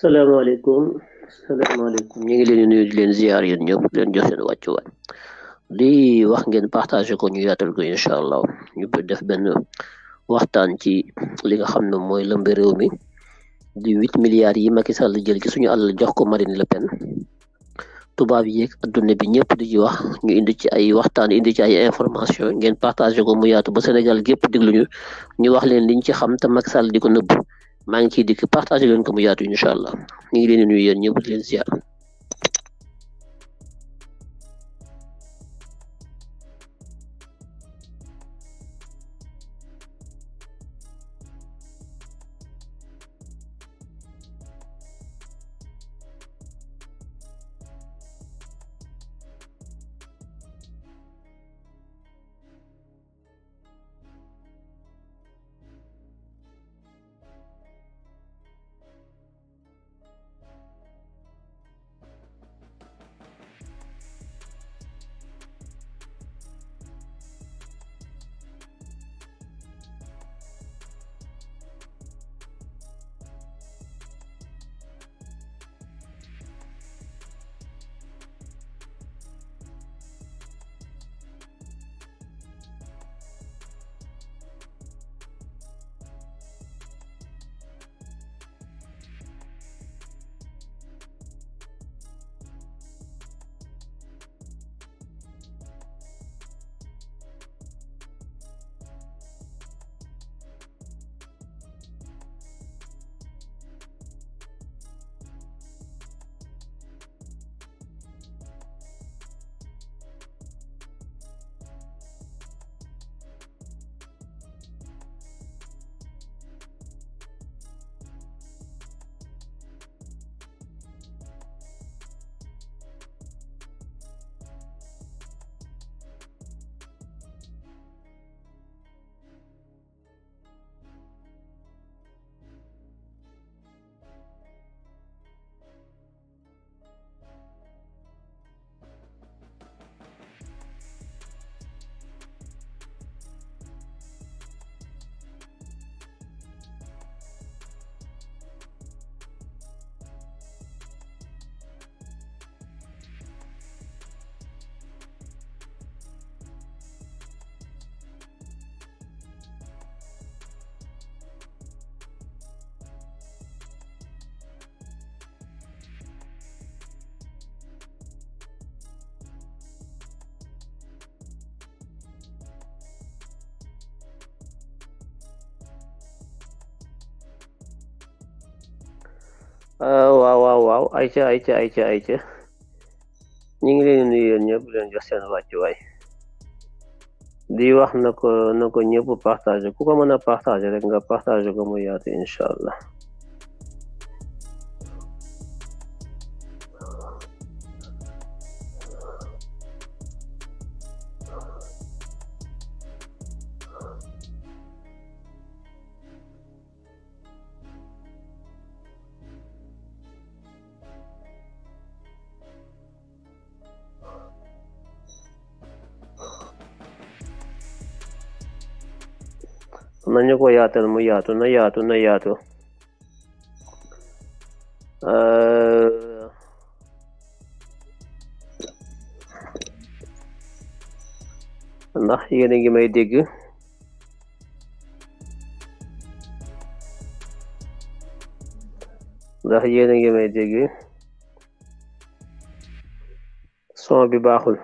salaamaaleykum salaamaaleykum ñu ngi leen di nuyu di leen ziar yéen ñëpp leen jox seen wàccuwaay lii wax ngeen partagé ko ñu yaatal ko incha allah ñu def benn waxtaan ci li nga xam ne mooy lëmbe réew mi di huit milliards yi Macky Sall jël ci suñu àll jox ko Marine Le Pen tubaab yi yeeg adduna bi ñëpp di ci wax ñu indi ci ay waxtaan indi ci ay information ngeen partagé ko mu yaatu ba Sénégal gépp dégluñu ñu ñu wax leen liñ ci xam te Macky Sall di ko nëbb maa ngi ciy dikk partagé leen ko mu yaatu incha allah ñu ngi leen di nuyu yéen ñëpp di Euh, waaw waaw waaw ay ayca ay ayca ñu ngi leen di nuyu yéen ñëpp leen jox seen wàccuwaay di wax na ko na ko ñëpp partagé ku ko mën a partagé rek nga partagé ko mu yaatu incha allah. nañu ko yaatal mu yaatu na yaatu na yaatu ndax yéen a ngi may dégg ndax yéen a ngi may dégg son bi baaxul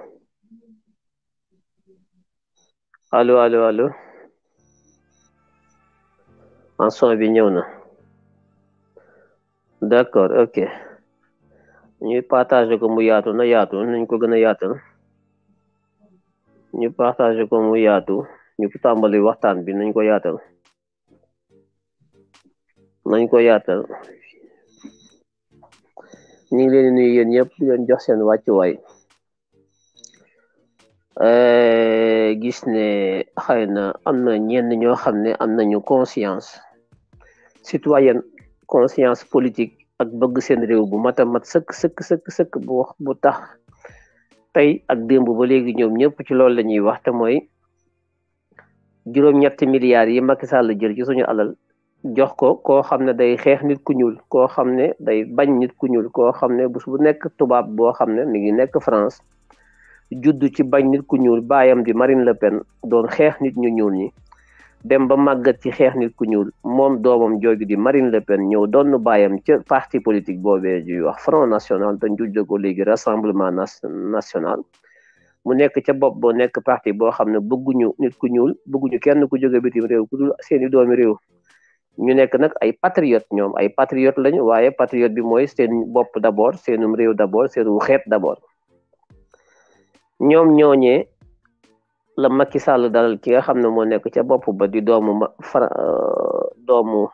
allo allo maçon bi ñëw na d'accord ok ñuy partagé ko mu yaatu na yaatu nañ ko gën a yaatal ñu partagé ko mu yaatu ñu tàmbali waxtaan bi nañ ko yaatal nañ ko yaatal ñu ngi leen di nuyu yéen ñëpp di leen jox seen wàccuwaay eh, gis ne xëy na am na ñenn ñoo xam ne am nañu conscience citoyenne conscience politique ak bëgg seen réew bu mat a mat sëkk sëkk sëkk sëkk bu wax bu tax tey ak démb ba léegi ñoom ñëpp ci loolu la ñuy wax mooy juróom-ñetti milliards yi Macky Sall jël ci suñu alal jox ko koo xam ne day xeex nit ku ñuul koo xam ne day bañ nit ku ñuul koo xam ne bés bu nekk tubaab boo xam ne mi ngi nekk France judd ci bañ nit ku ñuul baayam di Marine Le Pen doon xeex nit ñu ñuul ñi dem ba màggat ci xeex nit ku ñuul moom doomam jooju di Marine Le Pen ñëw doon nu bàyyam ca parti politique boobee ñuy wax Front National te njujj ko léegi Rassemblement National mu nekk ca bopp boo nekk parti boo xam ne bëgguñu nit ku ñuul bëgguñu kenn ku jóge bitim réew ku dul seeni doomi réew ñu nekk nag ay patriote ñoom ay patriote lañu waaye patriote bi mooy seen bopp d'abord seeni réew d'abord wu xeet d'abord ñoom ñooñee la Macky Sall dalal ki nga xam ne moo nekk ca bopp ba di doomu Fra euh, doomu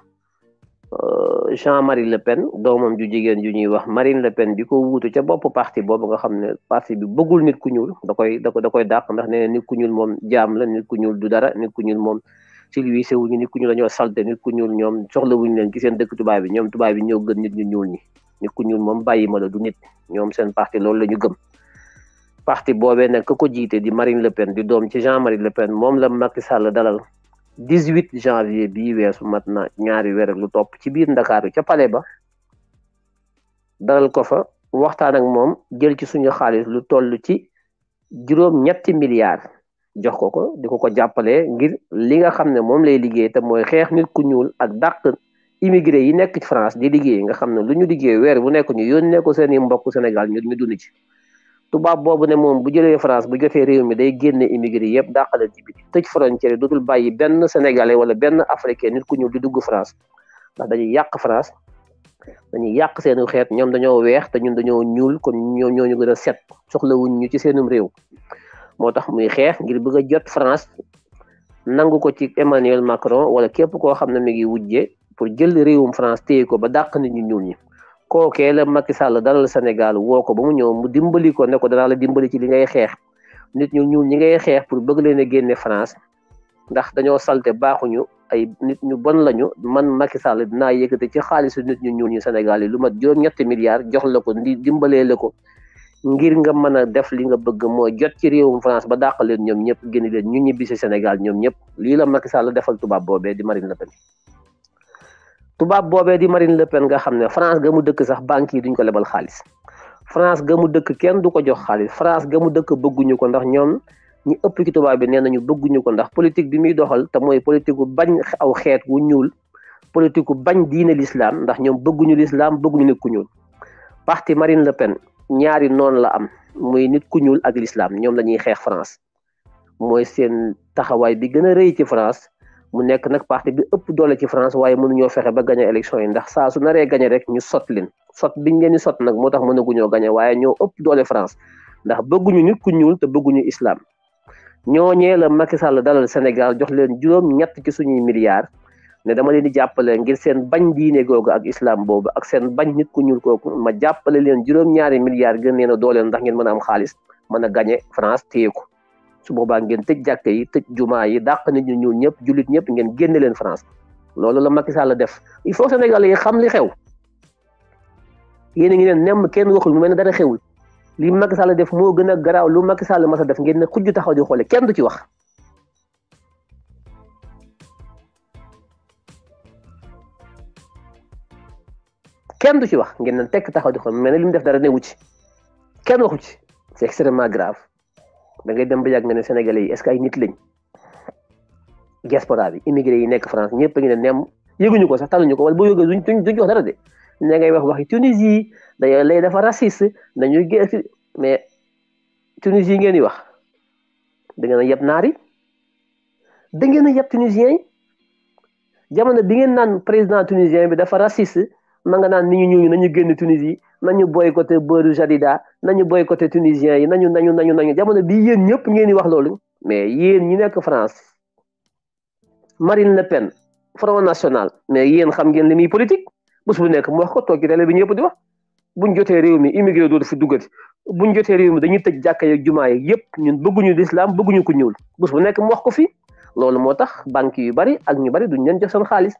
euh, Jean-Marie Le Pen doomam ju jigéen ju ñuy wax Marine Le Pen di ko wuutu ca bopp parti boobu nga xam ne parti bi bëggul nit ku ñuul da koy da koy dàq ndax nee nit ku ñuul moom jaam la nit ku ñuul du dara nit ku ñuul moom ci lii sewuñu nit ku ñuul dañoo salte nit ku ñuul ñoom soxlawuñu leen ci seen dëkk tubaab bi ñoom tubaab bi ñoo gën nit ñu ñuul ñi nit ku ñuul moom bàyyi ma la du nit ñoom seen parti loolu la ñu gëm. parti boobee nag ku ko jiitee di Marine Le Pen di doom ci Jean-Marie Le Pen moom la Macky Sall dalal 18 janvier bii weesu mat na ñaari weer lu topp ci biir Ndakaaru ca pale ba dalal ko fa waxtaan ak moom jël ci suñu xaalis lu toll ci juróom ñetti milliards jox ko ko di ko ko jàppalee ngir li nga xam ne moom lay liggéey te mooy xeex nit ku ñuul ak dàq immigré yi nekk ci France di liggéey nga xam ne lu ñu liggéey weer bu nekk ñu yónnee ko seen i mbokk Sénégal ñu dund ci. tubaab boobu ne moom bu jëlee France bu jotee réew mi day génne immigré yëpp dàqale ci biti tëj frontière dootul bàyyi benn sénégalais wala benn africain nit ku ñuul di dugg France ndax dañuy yàq France dañuy yàq seenu xeet ñoom dañoo weex te ñun dañoo ñuul kon ñoo ñu gën a set wuñ ñu ci seenum réew moo tax muy xeex ngir bëgg a jot France nangu ko ci Emmanuel Macron wala képp koo xam ne mi ngi wujje pour jël réewum France téye ko ba dàq nit ñu ñuul ñi kookee la Macky Sall dalal Sénégal woo ko ba mu ñëw mu dimbali ko ne ko danaa la dimbali ci li ngay xeex nit ñu ñuul ñi ngay xeex pour bëgg leen a génne France ndax dañoo salte baaxuñu ay nit ñu bon lañu man Macky Sall dinaa yëkkate ci xaalis xaalisu nit ñu ñuul ñu Sénégal yi lu mat juróom-ñetti milliards jox la ko ndi dimbalee la ko ngir nga mën a def li nga bëgg mooy jot ci réewum France ba dàq leen ñoom ñëpp génn leen ñu ñibbi si Sénégal ñoom ñëpp lii la Macky Sall defal tubaab boobee di Marine Le Pen tubaab boobee di Marine Le Pen nga xam ne France ga mu dëkk sax banque yi duñ ko lebal xaalis France ga mu dëkk kenn du ko jox xaalis France ga mu dëkk bëgguñu ko ndax ñoom ñi ëpp ci tubaab bi nee nañu bëgguñu ko ndax politique bi muy doxal te mooy politique bu bañ aw xeet wu ñuul politique bu bañ diine lislaam ndax ñoom bëgguñu lislaam bëgguñu nit ku ñuul parti Marine Le Pen ñaari noon la am muy nit ku ñuul ak lislaam ñoom la ñuy xeex France mooy seen taxawaay bi gën a rëy ci France mu nekk nag parti bi ëpp doole ci France waaye mënuñoo fexe ba gañe élection yi ndax saa su naree gañe rek ñu sot leen sot biñ ngeen di sot nag moo tax mënaguñoo gañe waaye ñoo ëpp doole France ndax bëgguñu nit ku ñuul te bëgguñu islam ñooñee la Macky Sall dalal Sénégal jox leen juróom ñett ci suñuy milliards ne dama leen di jàppale ngir seen bañ diine googu ak islam boobu ak seen bañ nit ku ñuul kooku ma jàppale leen juróom-ñaari milliards gën leen a dooleel ndax ngeen mën a am xaalis mën a gañe France téye ko su boobaa ngeen tëj jàkka yi tëj jumaa yi dàq nit ñu ñuul ñëpp jullit ñëpp ngeen génne leen France loolu la Macky Sall def il faut Sénégalais yi xam li xew yéen a ngi leen nemm kenn waxul mu mel ne dara xewul li Macky Sall def moo gën a garaaw lu Macky Sall mas a def ngeen ne xujju taxaw di xoole kenn du ci wax. kenn wax ngeen ne tekk taxaw di xool mel ne li def dara newu ci kenn waxu ci c'est extrêmement grave. da ngay dem ba yàgg nga ne Sénégalais yi est ce que ay nit lañ diaspora bi immigré yi nekk France ñëpp a ngi ne nem yëguñu ko sax tànnuñu ko wala boo yëgee duñ duñ wax dara de ña ngay wax waxi Tunisie dañoo lay dafa raciste dañuy gën mais Tunisie ngeen di wax da ngeen yeb naar yi da ngeen a yeb tunisien yi jamono bi ngeen naan président tunisien bi dafa raciste ma nga naan ni ñu ñu ñëw nañu génn Tunisie. nañu boycotté beurre Jadida nañu boycotté tunisien yi nañu nañu nañu nañu jamono bii yéen ñëpp ngeen di wax loolu mais yéen ñi nekk France Marine Le Pen Front National mais yéen xam ngeen li muy politique bés bu nekk mu wax ko toog ci télé bi ñëpp di wax buñ jotee réew mi immigré dootu fi duggati buñ jotee réew mi dañuy tëj jàkka yeeg jumaa yi yëpp ñun bëgguñu lislaam bëgguñu ko ñuul bus bu nekk mu wax ko fi loolu moo tax banque yu bari ak ñu bari duñ leen jox seen xaalis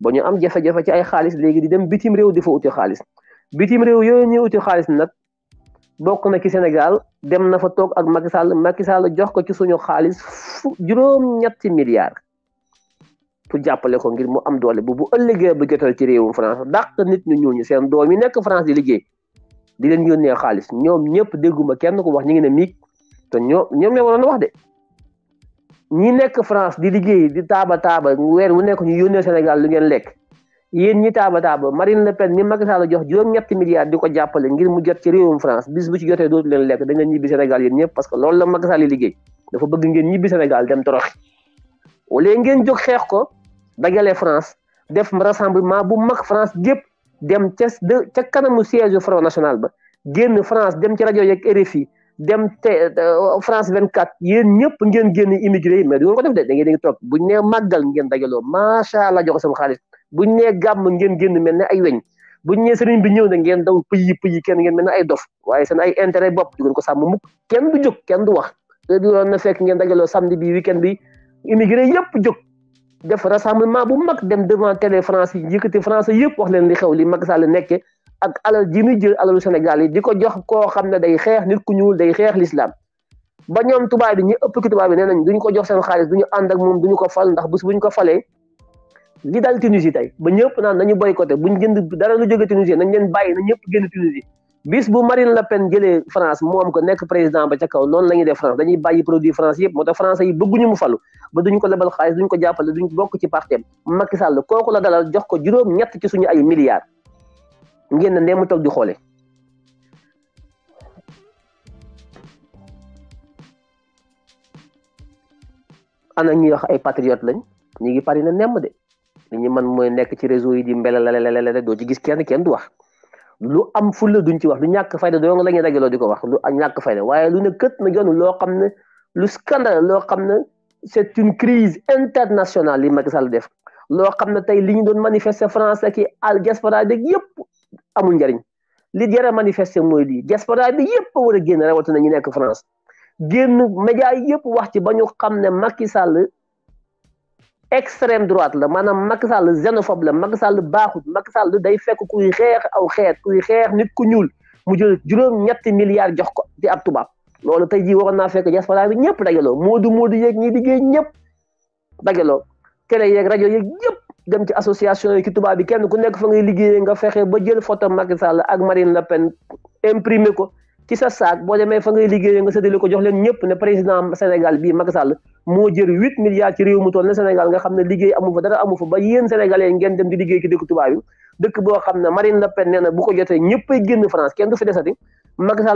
boo ñu am jafe-jafe ci ay xaalis léegi di dem bitim réew di fa uti xaalis bitim réew yooyu ñuy uti xaalis nag bokk na ci Sénégal dem na fa toog ak Macky Sall Macky Sall jox ko ci suñu xaalis juróom-ñetti milliards pour jàppale ko ngir mu am doole bu bu ëllëgee bu jotal ci réewum France dàq nit ñu ñuul ñu seen doom yi nekk France di liggéey di leen yónnee xaalis ñoom ñëpp dégguma kenn ku wax ñu ngi ne miig te ñoom ñoom wax de ñi nekk France di liggéey di taaba taaba weer wu nekk ñu yónnee Sénégal lu ngeen lekk. yeen ñi taba taba Marine Le Pen ni Macky Sall jox juróom-ñetti milliards diko ko ngir mu jot ci réewum France bis bu ci jotee doot leen lek da ngeen ñibi Sénégal yeen ñëpp parce que loolu la Macky Sall yi liggéey dafa bëgg ngeen ñibi Sénégal dem toroxi wala ngeen jox xex ko dagalé France def rassemblement bu mag France gep dem de ci kanamu siège front national ba génn France dem ci radio yeeg RFI dem te eh, France 24 yeen ñëpp ngeen génn immigré mais du ko def de da ngeen di toog buñ nee màggal ngeen ma sha allah jox sama xaalis buñ nee gam ngeen genn melni ay weñ buñ nee sëriñ bi ñëw na ngeen daw pëyi pëyi kenn ngeen melni ay dof waye seen ay intérêt bop du ko sam mu kenn du juk kenn du wax te du won na fekk ngeen dajalo samedi bi weekend bi immigré yépp juk def rassemblement bu mag dem devant télé France yi yëkëti France yépp wax leen li xew li Macky Sall nekke ak alal ji muy jël alal Sénégal yi diko ko jox ko xam day xeex nit ku ñuul day xeex l'islam ba ñom tuba bi ñi ëpp ki tuba bi nenañ duñ ko jox seen xaaliss duñu and ak mom duñu ko fal ndax bés buñ ko falé li dal Tunisie tey ba ñëpp naan nañu bu buñ jënd dara lu jóge Tunisie nañ leen bàyyi na ñëpp génn Tunisie bis bu Marine Le Pen jëlee France moom ko nekk président ba ca kaw noonu la de def France dañuy bàyyi produit France yëpp moo tax français yi bëgguñu mu falu ba duñ ko lebal xaalis duñ ko jàppale duñ bokk ci parti am Macky Sall kooku la dalal jox ko juróom ñett ci suñu ay milliards ngeen ne ndee mu toog di xoole ana ñuy wax ay patriote lañ ñu pari na nemm li ñu mën mooy nekk ci réseau yi di mbelelelelele doo ci gis kenn kenn du wax lu am fulla duñ ci wax lu ñàkk fayda doo nga la ñuy dajaloo di ko wax lu ñàkk fayda waaye lu ne kët na yoon loo xam ne lu scandale loo xam ne c'est une crise internationale li Macky Sall def loo xam ne tey li ñu doon manifester France ak al diaspora bi yëpp amul njariñ li jara manifester mooy lii diaspora bi yëpp war a génn na ñu nekk France génn média yëpp wax ci ba xam ne Macky Sall extrême droite la maanaam Macky Sall xénophobe la Macky Sall baaxut Macky Sall day fekk kuy xeex aw xeet kuy xeex nit ku ñuul mu jël juróom-ñetti milliards jox ko di ab tubaab loolu tey jii waroon naa fekk diaspora bi ñëpp dajaloo moodu moodu yeeg ñiy liggéey ñëpp dajaloo télé yeeg rajo yeeg ñëpp dem ci association yi ci tubaab bi kenn ku nekk fa ngay liggéeyee nga fexe ba jël photo Macky Sall ak Marine la Pen imprimer ko ci sa saak boo demee fa ngay liggéeyee nga séddale ko jox leen ñëpp ne président Sénégal bii Macky Sall moo jër huit milliards ci réew mu toll ne Sénégal nga xam ne liggéey amu fa dara amu fa ba yéen sénégalais ngeen dem di liggéey ci dëkk tubaab yi dëkk boo xam ne Marine Le Pen nee na bu ko jotee ñëppay génn France kenn du fi desati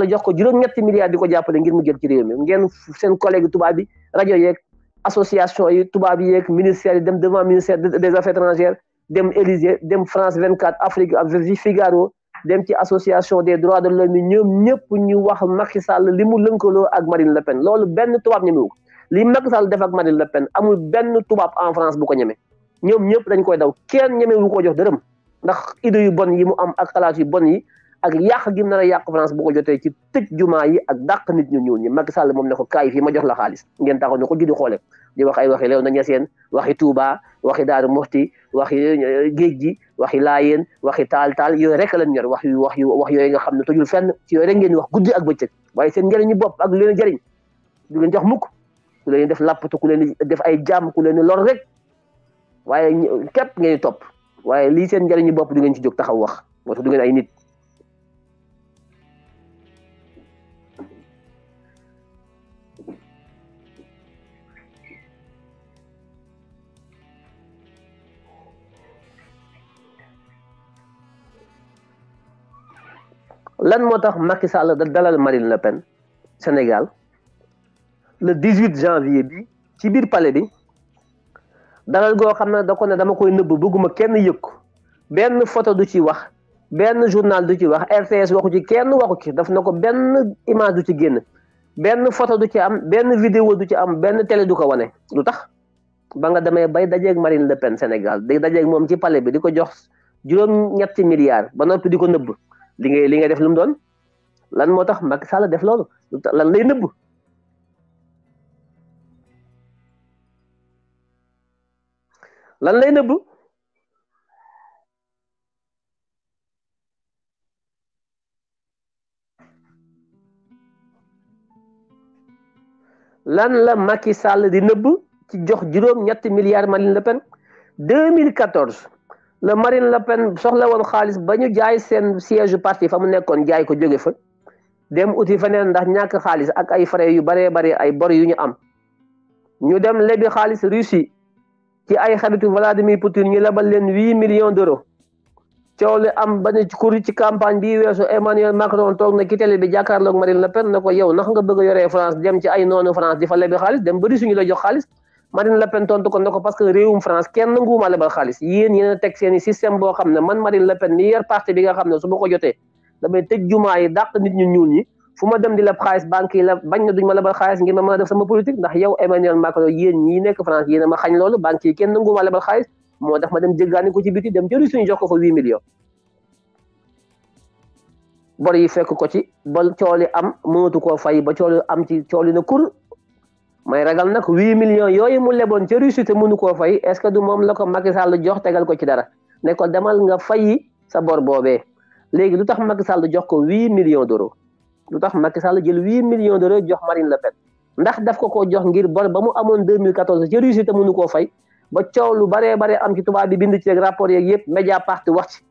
jox ko juróom-ñetti milliards di ko jàppale ngir mu jël ci réew mi ngeen seen collègue tubaab yi rajo yeeg association yi tubaab yi yeeg ministère yi dem devant ministère des affaires étrangères dem Élysée dem France 24 Afrique association de l'homme ñoom ñëpp ñu wax Macky Sall li mu lënkaloo ak Marine Le Pen benn tubaab ñemewu ko li Macky Sall def ak Marine Le Pen amul benn tubaab en France bu ko ñeme ñoom ñëpp dañ koy daw kenn ñeme wu ko jox dërëm ndax idée yu bon yi mu am ak xalaat yu bon yi ak yàq gi mu nar a yàq France bu ko jotee ci tëj jumaa yi ak dàq nit ñu ñuul ñi Macky Sall moom ne ko kaay fii ma jox la xaalis ngeen taxaw ne ko judi xoole di wax ay waxi leew na ñeseen waxi Touba waxi Daaru Mufti waxi euh, géej gi waxi Layen waxi Tal Tal yooyu rek lañ ñor wax yu wax yu wax yooyu nga xam ne tojul fenn ci yooyu rek ngeen wax guddi ak bëccëg waaye seen njëriñu bopp ak leen jëriñ du leen jox mukk ku leen def lappatu ku leen def ay jam ku leen lor rek waye kep ngay top waye li seen njëriñu bop du ngeen ci jog taxaw wax motax du ngeen ay nit lan motax Macky Sall da dalal Marine Le Pen Senegal le 18 janvier bi ci biir pale bi dalal goo xam ne da ko ne dama koy nëbb bëgguma kenn yëg benn foto du ci wax benn journal du ci wax RTS waxu ci kenn waxu ci daf na ko benn image du ci génn benn photo du ci am benn vidéo du ci am benn télé du ko wane lu tax ba nga demee bay dajeeg Marine Le Pen Sénégal di dajeeg moom ci pale bi di ko jox juróom ñetti milliards ba noppi di ko nëbb li nga li ngay def lu doon lan moo tax Macky Sall def loolu lan lay nëbb lan lay nëbb lan la Macky Sall di nëbb ci jox juróom ñetti milliards Marine Le Pen la Marine Le Pen soxla woon xaalis ba ñu jaay seen siège parti fa mu nekkoon jaay ko jóge fa dem uti feneen ndax ñàkk xaalis ak ay frais yu baree bare ay bor yu ñu am ñu dem lebi xaalis Russie ci ay xaritu Vladimir Poutine ñu lebal leen huit millions d'euros coow li am ba ne ci campagne bi weesu Emmanuel Macron toog na ki télé bi jàkkaarloog Marine Le Pen na ko yow nax nga bëgg a yoree France dem ci ay noonu France di fa lebi xaalis dem bëri suñu la jox xaalis Marine Le Pen tontu ko ne parce que réewum France kenn nanguwuma lebal xaalis yéen yéen a teg seen i système boo xam ne man Marine Le Pen mi yor parti bi nga xam ne su ma ko jotee damay tëj jumaa yi ñi fu ma dem di la xaalis banque yi la bañ na duñ ma lebal xaalis ngir ma mën a def sama politique ndax yow Emmanuel Macron yéen ñii nekk France yéen a ma xañ loolu banque yi kenn nangu ma lebal xaalis moo tax ma dem jéggaani ko ci biti dem jëri suñu jox yi fekk ko ci ba cooli am mënatu koo fay ba cooli am ci cooli na kur may ragal nag huit millions yooyu mu leboon ca Russie te mënu koo fay est-ce que du moom la ko Macky Sall jox tegal ko ci dara ne demal nga fayi sa bor boobee léegi lu tax Macky Sall jox ko huit millions d'euros lu tax Macky la jël huit millions d'euros jox Marine Le Pen ndax daf ko ko jox ngir bor ba mu amoon 2014 ca Russie te mënu koo fay ba coow lu baree baree am ci tubaab bi bind ci rapport yeeg yëpp Mediapart wax ci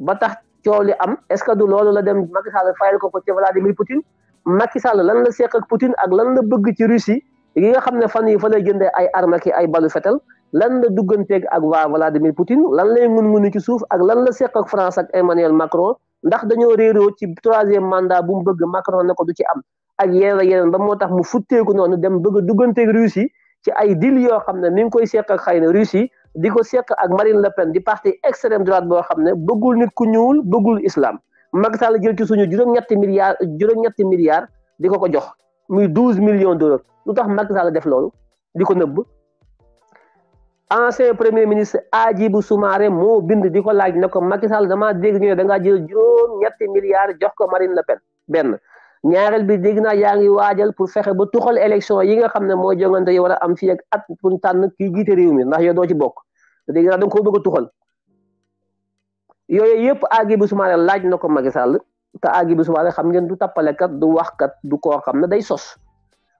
ba tax coow li am est ce que du loolu la dem Macky Sall fayal ko ko ci Vladimir Poutine Macky Sall lan la seq ak Poutine ak lan la bëgg ci Russie yi nga xam ne fan yi fa lay jëndee ay armes ay balu fetal lan la dugganteeg ak waa Vladimir Poutine lan lay mun munu ci suuf ak lan la seq ak France ak Emmanuel Macron ndax dañoo réeroo ci troisième mandat bu mu bëgg Macron ne ko du ci am ak yeneen ak yeneen ba moo tax mu futteeku noonu dem bëgg a dugganteeg Russie ci ay dil yoo xam ne mi ngi koy seq ak xëy na Russie di ko seq ak Marine Le Pen di parti extrême droite boo xam ne bëggul nit ku ñuul bëggul islam Macky Sall jël ci suñu juróom-ñetti milliards juróom-ñetti milliards di ko ko jox muy douze million d'euros lu tax Macky Sall def loolu di ko nëbb ancien premier ministre Hadjibou Soumaré moo bind di ko laaj ne ko Macky Sall damaa dégg ñu ne da jël juróom ñetti milliards jox ko marin Le benn ñaareel bi dégg naa yaa ngi waajal pour fexe ba tuxal élection yi nga xam ne mooy jongante yi war a am fii ak at pour tànn kii jiite réew mi ndax yow doo ci bokk te dégg naa da nga koo bëgg a tuxal yooyu yëpp Hadjibou Soumaré laaj na ko Macky Sall te Hadjibou Soumaré xam ngeen du tappale kat du waxkat du koo xam ne day sos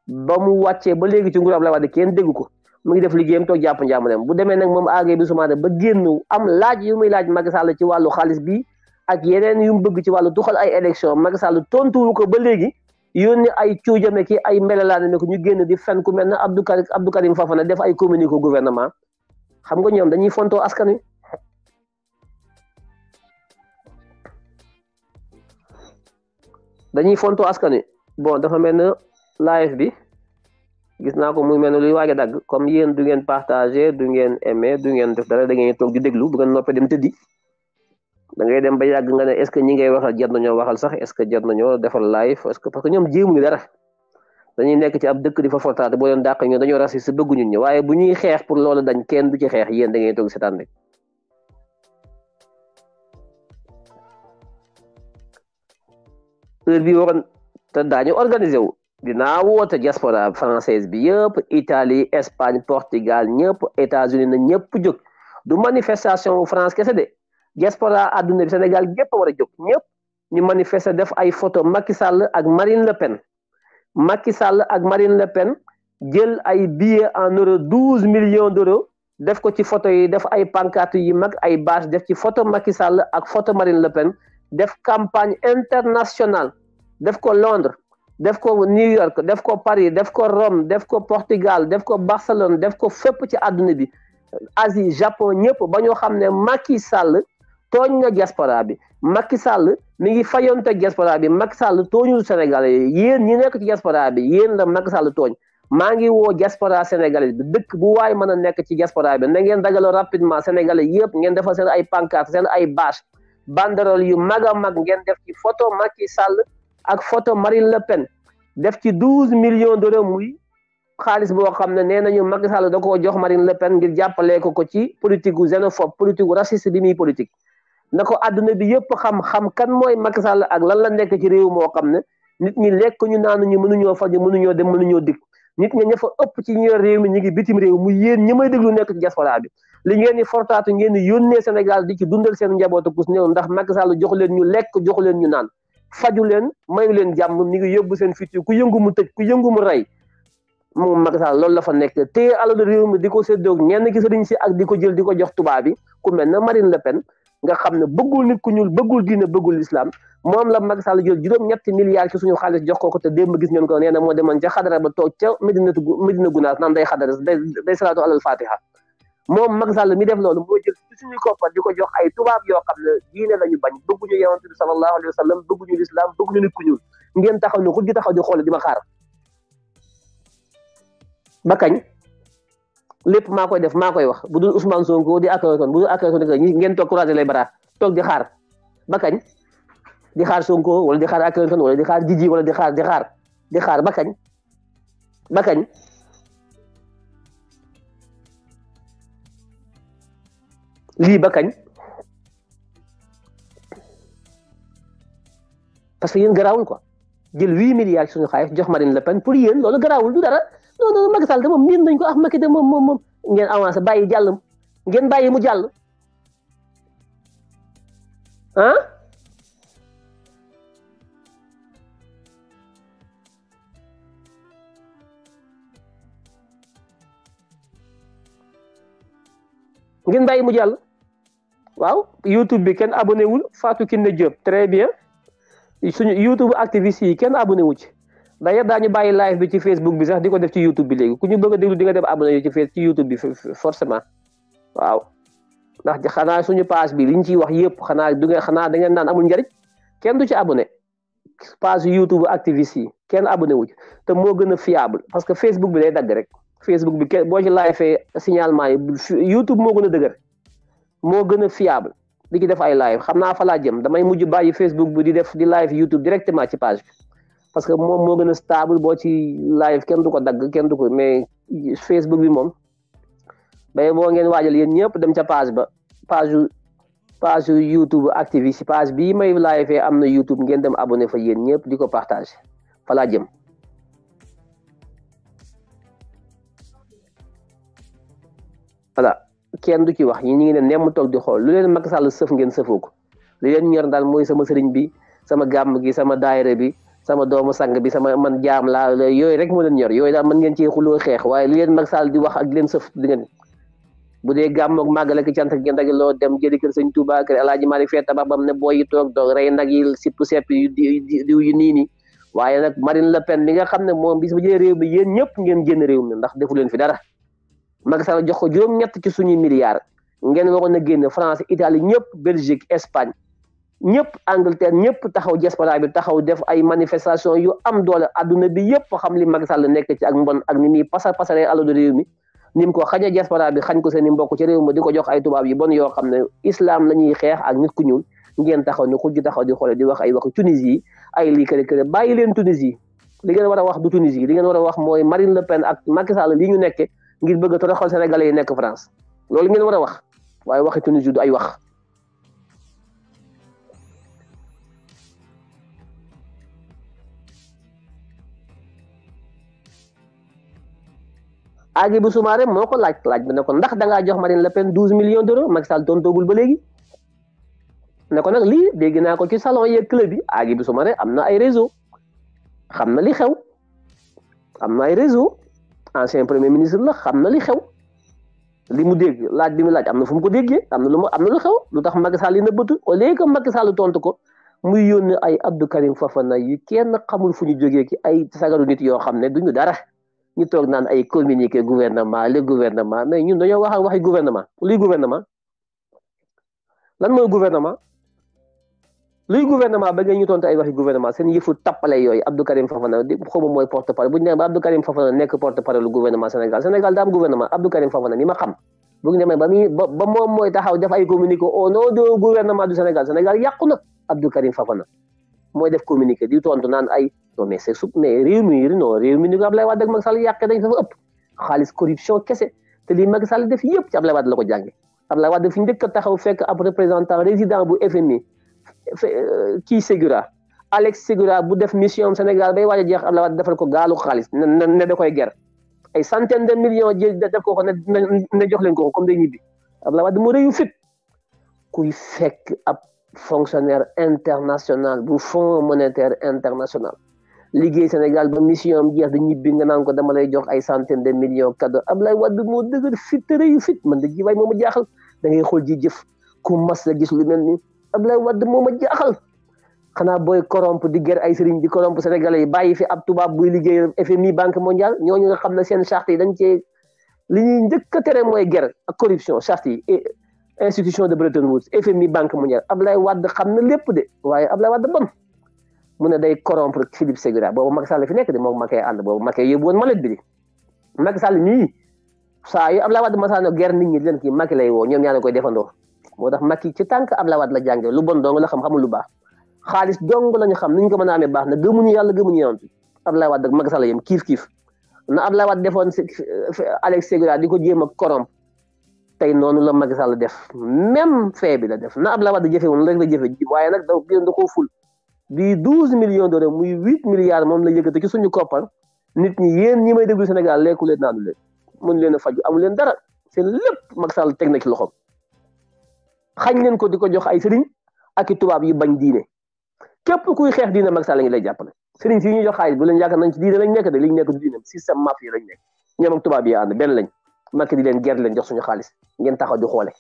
ba mu wàccee ba léegi ci la wax kenn dégg ko. mu ngi def liggéeyam toog jàpp njàmburam bu demee nag moom agré bi Soumaré ba génn am laaj yu muy laaj Macky ci wàllu xaalis bi ak yeneen yu mu bëgg ci wàllu duxal ay élection Macky Sall tontuwu ko ba léegi yónni ay ne ki ay mbelelaane ne ko ñu génn di fen ku mel ne Abdou Karim Abdou Karim Fofana def ay communiqué gouvernement xam nga ñoom dañuy fontoo askan wi dañuy fontoo askan wi bon dafa mel na live bi gis na ko muy mel luy waaj dag comme yeen du ngeen partager du ngeen aimer du ngeen def dara da ngeen tok di deglu bu ngeen noppé dem teddi da ngay dem ba yag nga ne est ce que ñi ngay waxal jot nañoo waxal sax est ce que jot defal live est ce que parce que ñoom jéemuñu dara dañuy nekk ci ab dëkk di fa fortaate bo leen dàq ñoo ci bëggu ñun ñi waye bu ñuy xex pour loolu dañ kenn du ci xex yeen da ngay tok seetaan rek heure bi waroon te organiser wu une autre diaspora française bi Italie Espagne Portugal États-Unis na ñëpp djok. du manifestation en France kese de diaspora àdduna bi Sénégal Il y a jóg Ni ñu manifester def ay photo Macky Sall ak Marine Le Pen Macky Sall ak Marine Le Pen jël ay billets en euro 12 millions d'euros def ko ci photo yi def ay pancarte yi mak, ay bâche def ci photo Macky Sall ak photo Marine Le Pen def campagne internationale def ko Londres def ko New York def ko Paris def ko Rome def ko Portugal def ko Barcelone def ko fépp ci àdduna bi Asie Japon ñëpp ba ñoo xam ne Macky sàll tooñ na diaspora bi Macky Sall mi ngi fayonte diaspora bi Macky Sall tooñul Sénégalais yi yéen ñi nekk ci diaspora bi yéen la Macky Sall tooñ maa ngi woo diaspora sénégalais bi dëkk bu waay mën a nekk ci diaspora bi na ngeen dajaloo rapidement sénégalais yëpp ngeen defal seen ay pancarte seen ay bâche banderole yu mag a mag ngeen def ci photo Macky Sall ak photo Marine Le Pen def ci douze millions d'euros muy xaalis boo xam ne nee nañu Macky Sall da koo jox Marine Le Pen ngir jàppale ko ko ci politique gu xénophobe politique gu raciste bi muy politique na ko àdduna bi yëpp xam-xam kan mooy Macky ak lan la nekk ci réew moo xam ne nit ñi lekk ñu naan ñu mënuñoo faju mënuñoo dem mënuñoo dikk nit ñi ña fa ëpp ci ñi réew mi ñu ngi bitim réew mu yéen ñi may déglu nekk ci diaspora bi li ngeen di fortaatu ngeen di yónnee Sénégal di ci dundal seen njabootu kus néew ndax Macky Sall jox leen ñu lekk jox leen ñu naan faju leen mayu leen jàmm ñu ngi yóbbu seen fit ku yëngu mu tëj ku yëngu mu rey moom Macky Sall loolu la fa nekk te alalu réew di ko séddoog ñenn ki sëriñ si ak di ko jël di ko jox tubaab bi ku mel ne Marine Le Pen nga xam ne bëggul nit ku ñuul bëggul diine bëggul islam moom la Macky Sall jël juróom-ñetti milliards ci suñu xaalis jox ko ko te démb gis ngeen ko nee na moo demoon ca xadara ba toog ca Medinatu Medina Gunaas naan day xadara day day salaatu alal fatiha moom Macky Sall mi def loolu moo suñu koppar di ko jox ay tubaab yoo xam ne diine la ñu bañ bëgguñu yonent bi sallallahu alayhi wa sallam bëgguñu lislaam bëgguñu nit ku ñuul ngeen taxaw ñu xujj taxaw di xool di ma xaar ba kañ lépp maa koy def maa koy wax bu du Ousmane Sonko di Akhenaton bu dul Akhenaton ngeen toog croiser les bras toog xaar ba di xaar Sonko wala di di xaar Jiji wala di xaar di xaar di xaar ba kañ ba kañ lii ba kañ parce que yéen garawul quoi jël huit milliards suñu xaalis jox Marine Le Pen pour yéen loolu garaawul du dara non non Macky moom miin nañ ko ah Macky de moom ngeen avancé bàyyi jàll ngeen bàyyi mu jàll ah ngeen bàyyi mu jàll waaw YouTube bi kenn abonné wul Fatou Kiné Diop très bien suñu YouTube activiste yi kenn abonné wu ci d'ailleurs daañu bàyyi live bi ci Facebook bi sax di ko def ci YouTube bi léegi ku ñu bëgg a déglu di nga dem abonné ci ci YouTube bi forcément waaw ndax xanaa suñu page bi liñ ciy wax yëpp xanaa du xanaa da ngeen naan amul njariñ kenn du ci abonné page YouTube activiste yi kenn abonné te moo gën a fiable parce que Facebook bi day dagg rek Facebook bi kenn boo ci live signalement yi YouTube moo gën a dëgër. moo gën a fiable di ci def ay live xam naa fa laa jëm damay mujj bàyyi Facebook bi di def di live YouTube directement ci page parce que moom moo gën a stable boo ci live kenn du ko dagg kenn du ko mais Facebook bi moom bay boo ngeen waajal yéen ñëpp dem ca page ba page page YouTube activiste page bii may live am na YouTube ngeen dem abonné fa yéen ñëpp di ko partager fa laa jëm. voilà kenn du ci wax ñi ngi ne nemm toog di xool lu leen Macky Sall sëf ngeen sëfoo ko li leen ñor daal mooy sama sëriñ bi sama gàmm gi sama daayira bi sama doomu sang bi sama man jaam laa yooyu rek moo leen ñor yooyu daal mën ngeen ci xuloo xeex waaye li leen Macky Sall di wax ak di leen sëf di ngeen bu dee gàmm ak màggal ak cant ak ngeen rek loo dem jëli kër sëñ Touba kër El Hadj Malick fee tabax bam ne booy toog doog rey nag yi sipp sepp yu diw yu nii nii waaye nag Marine Le Pen bi nga xam ne moom bis ba jëlee réew bi yéen ñëpp ngeen génn réew mi ndax defu leen fi dara Macky Sall jox ko juróom ñett ci suñu milliard ngeen waroon na génn France Italie ñëpp Belgique Espagne ñëpp Angleterre ñëpp taxaw diaspora bi taxaw def ay manifestation yu am doole àdduna bi yëpp xam li Macky Sall nekk ci ak mbon ak ni muy pasar pasaree alalu réew mi nim ko xaña diaspora bi xañ ko seen mbokk ci réew mi di ko jox ay tubaab yi bon yoo xam ne islam la ñuy xeex ak nit ku ñuul ngeen taxaw ne xujj taxaw di xoole di wax ay waxu Tunisie ay lii kërë kërë bàyyi leen Tunisie li ngeen war a wax du Tunisie li ngeen war a wax mooy Marine Le Pen ak Macky Sall li ñu nekkee ngir bëgg a toroxal sénégalais yi nekk France loolu ngeen war a wax waaye waxi Tunisie du ay wax. aagi bu Soumaré moo ko laaj laaj bi ne ko ndax da ngaa jox Marine Le Pen douze millions d'euros Macky Sall tontoogul ba léegi ne ko nag lii dégg naa ko ci salon yeeg club yi aagi bu Soumaré am na ay réseau xam na li xew am na ay réseau ancien premier ministre la xam na li xew li mu dégg laaj bi mu laaj am na fu mu ko déggee am na lu ma am na lu xew lu tax Macky Sall yi na bëtu au lieu que Macky Sall tontu ko muy yónni ay Abdou Karim na yi kenn xamul fu ñu jógee ki ay sagaru nit yoo xam ne duñu dara ñu toog naan ay communiqué gouvernement le gouvernement mais ñun dañoo wax waxi gouvernement luy gouvernement lan mooy gouvernement luy gouvernement ba ngeen ñu tontu ay waxi gouvernement seen yëfu tappale yooyu Abdou Karim Fofana di xawma mooy porte parole bu ñu demee ba Abdou Karim Fofana nekk porte parole gouvernement Sénégal Sénégal daa am gouvernement Abdou Karim Fofana ni ma xam bu ñu demee ba muy ba moom mooy taxaw def ay communiqué au nom du gouvernement du Sénégal Sénégal yàqu na Abdou Karim Fofana mooy def communiqué di tontu naan ay non mais c'est mais réew mi non réew mi ni ko Ablaye Wade ak Macky Sall yàqee dañ dafa ëpp xaalis corruption kese te li Macky Sall def yëpp ci Ablaye Wade la ko jànge Ablaye Wade fi njëkk a taxaw fekk ab représentant résident bu FMI Euh, kii Ségura Alex Ségura bu def mission Sénégal bay waaj a jeex Abdoulaye Wade defal ko gaalu xaalis ne ne da koy geer ay centaine de million millions jël def ko ko ne ne jox leen ko comme day ñibbi Abdoulaye Wade mu rëyu fit kuy fekk ab fonctionnaire international bu Fonds monétaire international liggéey Sénégal ba mission am jeex di ñibbi nga naan ko dama lay jox ay centaine de millions cadeau Abdoulaye Wade moo dëgër fit te rëyu fit man de ji waay moom a jaaxal da xool ji jëf ku mas la gis lu mel ni Abdoulaye Wade moo a jaaxal xanaa booy corrompe di ger ay sëriñ di corrompe sénégalais yi bàyyi fi ab tubaab buy liggéey FMI banque mondiale ñooñu nga xam ne seen charte yi dañ cee li ñuy njëkk a tere mooy ger ak corruption charte yi et institution de Bretton Woods FMI banque mondiale Abdoulaye Wade xam na lépp de waaye Abdoulaye Wade bon mu ne day corrompre Philippe Séguda boobu Macky Sall fi nekk de moom Macky ànd boobu Macky yóbbu woon malet bi di Macky Sall nii saa yi Abdoulaye Wade masaano ger nit ñi di leen lay woo ñoom ñaar koy defandoo moo tax Macky ci tànk Abdoulaye Wade la jàngee lu bon dong la xam xamul lu baax xaalis dong la ñu xam ni ñu ko mën a amee baax na gëmuñu yàlla gëmuñu yonent bi Abdoulaye Wade ak Macky Sall yem kiif kiif na Abdoulaye Wade defoon Alex Ségura di ko jéem a korom tey noonu la Macky Sall def même fee bi la def na ab Abdoulaye Wade jëfe woon rek la jëfe waaye nag da da koo ful di douze millions d'euros muy huit milliards moom la yëkkati ci suñu koppar nit ñi yéen ñi may déglu Sénégal lekku leen naanu leen leen a faju amu leen dara seen lépp Macky Sall teg na ci loxoom xañ leen ko di ko jox ay sëriñ ak i tubaab yu bañ diine képp kuy xeex diine Macky Sall ngi lay jàppale sëriñ si ñu jox xaalis bu leen yaakaar nañ ci diine lañ nekk de liñ nekk du diine système yi lañ nekk ñoom ak tubaab yi ànd benn lañ Macky di leen ger leen jox suñu xaalis ngeen taxaw di xoole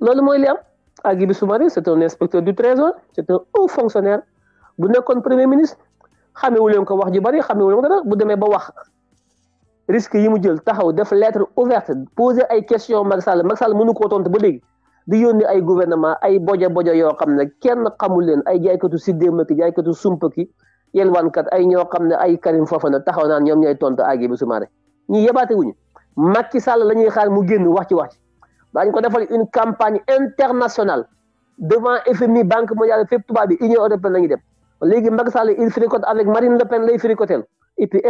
loolu mooy li am ak Guy Soumaré c'est un inspecteur du trésor c'est un haut fonctionnaire bu nekkoon premier ministre xamewu leen ko wax ji bari xamewu leen ko dara bu demee ba wax risque yi mu jël taxaw def lettre ouverte poser ay question Macky Sall Macky Sall mënu koo tontu ba léegi di yónni ay gouvernement ay boja boja yo xam ne kenn xamul leen ay jaaykatu siddéema ki jaaykatu sumpa ki yelwaankat ay ñoo xam ay Karim Fofana taxaw naan ñoom ñooy tontu ak Guy Soumaré ñi yebaate wuñu Macky Sall la xaar mu génn wax ci wax ci Il ko defal une campagne internationale devant FMI banque mondiale fépp il bi union européenne la ñuy dem légui Macky Sall il fricote avec Marine Le Pen lay fricotel et puis